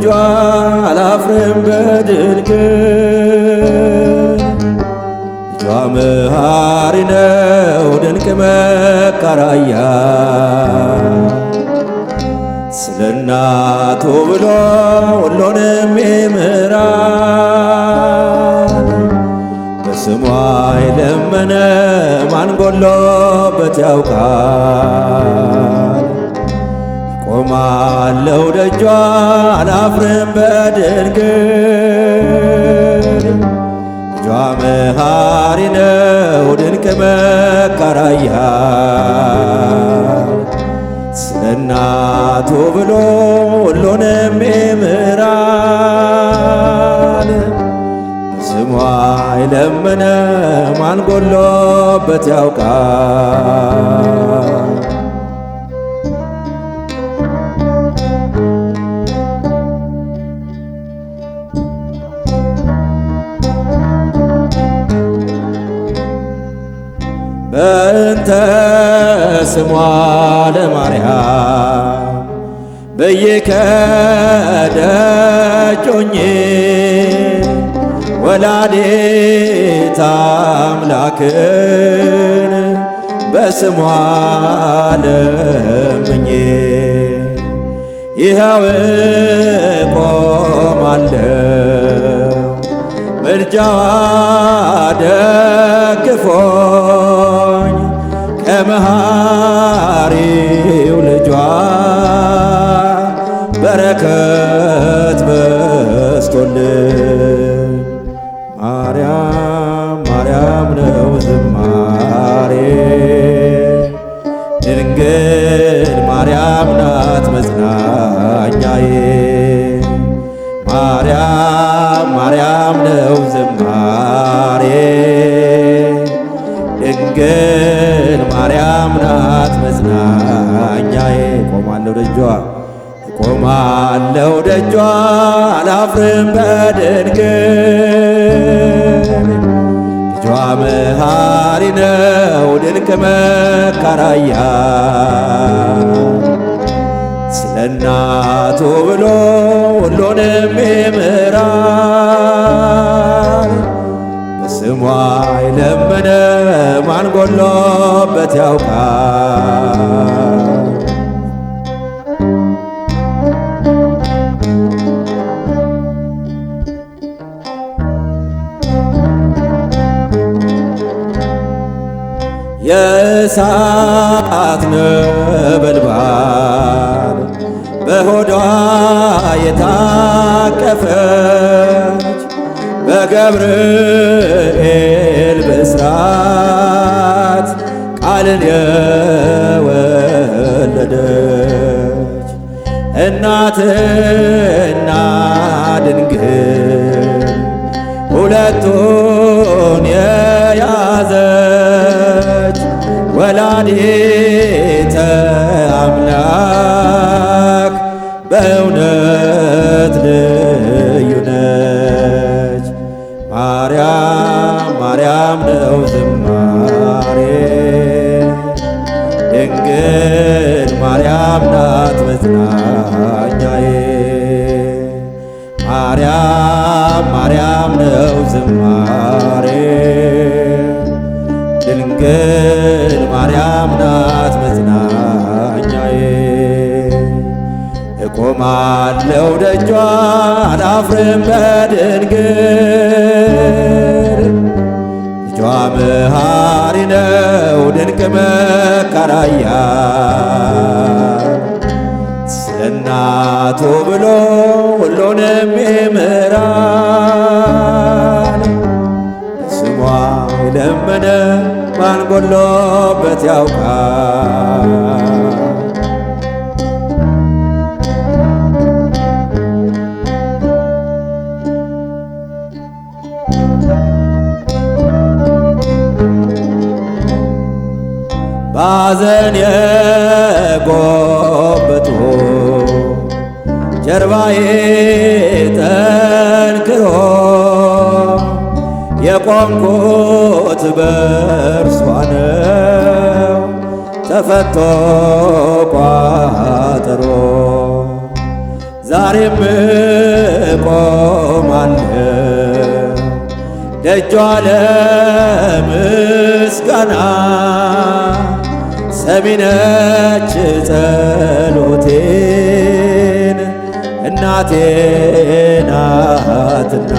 እጇ አላፍርም በድንቅ እጇ መሃሪ ነው ድንቅ መካራያ ስለ እናቱ ብሎ ሁሉንም ይምራል በስሟ የለመነ ማን ጎሎበት ያውቃል ቆማለው ደጇ አላፍርም በድንግል ልጇ መሃሪ ነው ድንቅ መከራያል ስለ እናቱ ብሎ ሁሉንም ይምራል ስሟ የለመነ ማን ጎሎበት ያውቃል እንተ ስሟ ለማርያም በይከ አምላክን በስሟ ለምኜ ይኸው ቆማለሁ ምልጃዋ ደግፎ መሃሪው ልጇ በረከት በስቶልን እቆማለሁ ደጇ እቆማለሁ ደጇ አላፍርም በድንግል ልጇ መሐሪ ነው ድንቅ መካራያ ስለ እናቱ ብሎ ሁሉንም ይምራል በስሟ የለመነ ማን ጎሎበት ያውቃል የእሳት ነበልባል በሆዷ የታቀፈች በገብርኤል ብስራት ቃልን የወለደች እናትና ወላዲተ አምላክ በእውነት ልዩ ነች። ማርያም ማርያም ነው ዝማሬ ድንግል ማርያም ናት መዝናኛዬ። ማርያም ማርያም ነው ዝማሬ ድንግል ማርያም ናት መጽናኛዬ። እቆማለሁ ደጇ አላፍርም በድንግል ልጇ መሐሪ ነው ድንቅ መከራያ ስለ እናቱ ብሎ ሁሉንም ይምራ ማን ጎሎበት ያውቃል? ባዘን የጎበት ጀርባዬ ጠንክሮ የቆምኩት በእርሷ ነው። ተፈቶ ቋጥሮ ዛሬም እቆማለሁ ደጇ ለምስጋና ሰሚ ነች ጸሎቴን እናቴ ናትና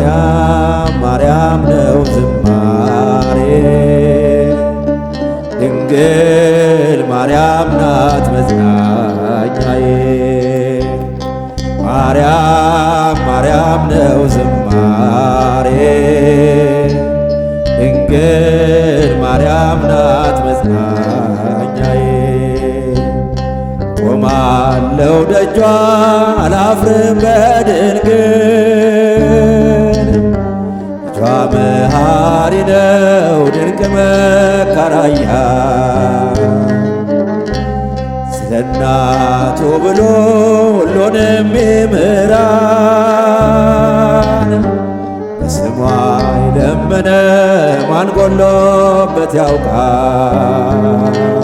ማርያም ማርያም ነው ዝማሬ ድንግል ማርያም ናት መዝናኛዬ ማርያም ማርያም ነው ዝማሬ ድንግል ማርያም ናት መዝናኛዬ ቆማለው ደጇ አላፍርም በድንግል መሐሪ ነው ድንቅ መካራያ ስለ እናቱ ብሎ ሁሉንም ይምራል። በስሟ የለመነ ማን ጎሎበት ያውቃል።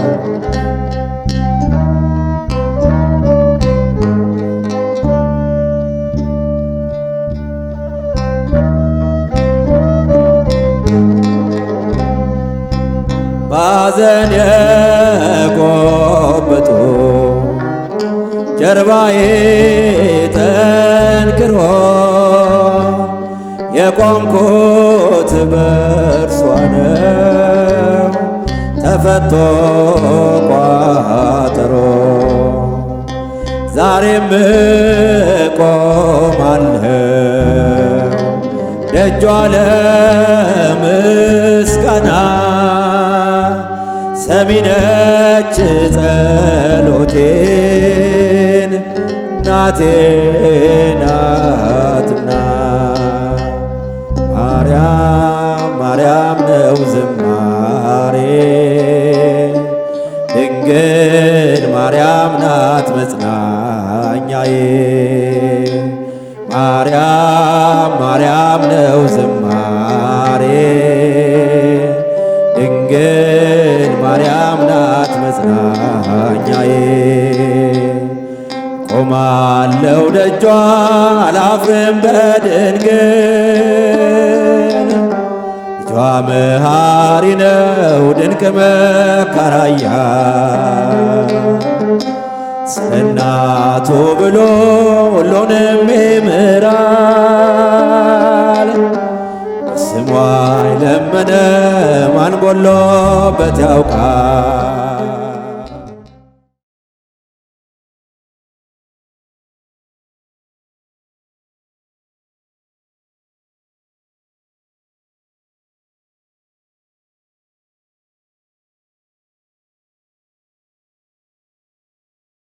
ባዘን የቆበጡ ጀርባዬ ተንክሮ የቆምኩት በእርሷ ነው ተፈቶ ቋጠሮ ዛሬም ቆማለሁ ደጇ ለምስጋና ሰሚነች ጸሎቴን ናቴ ናትና ማርያም ማርያም ነው ዝማሬ ድንግል ማርያም ናት መጽናኛዬ ማርያም ማርያም ነው ዝማሬ ድንግል ማርያም ናት መጽናኛዬ። ቆማለው ደጇ አላፍርም በድንግል ልጇ መሃሪ ነው ድንቅ መካራያ ስለ እናቱ ብሎ ሁሉንም የለመነ ማን ጎሎበት ያውቃል?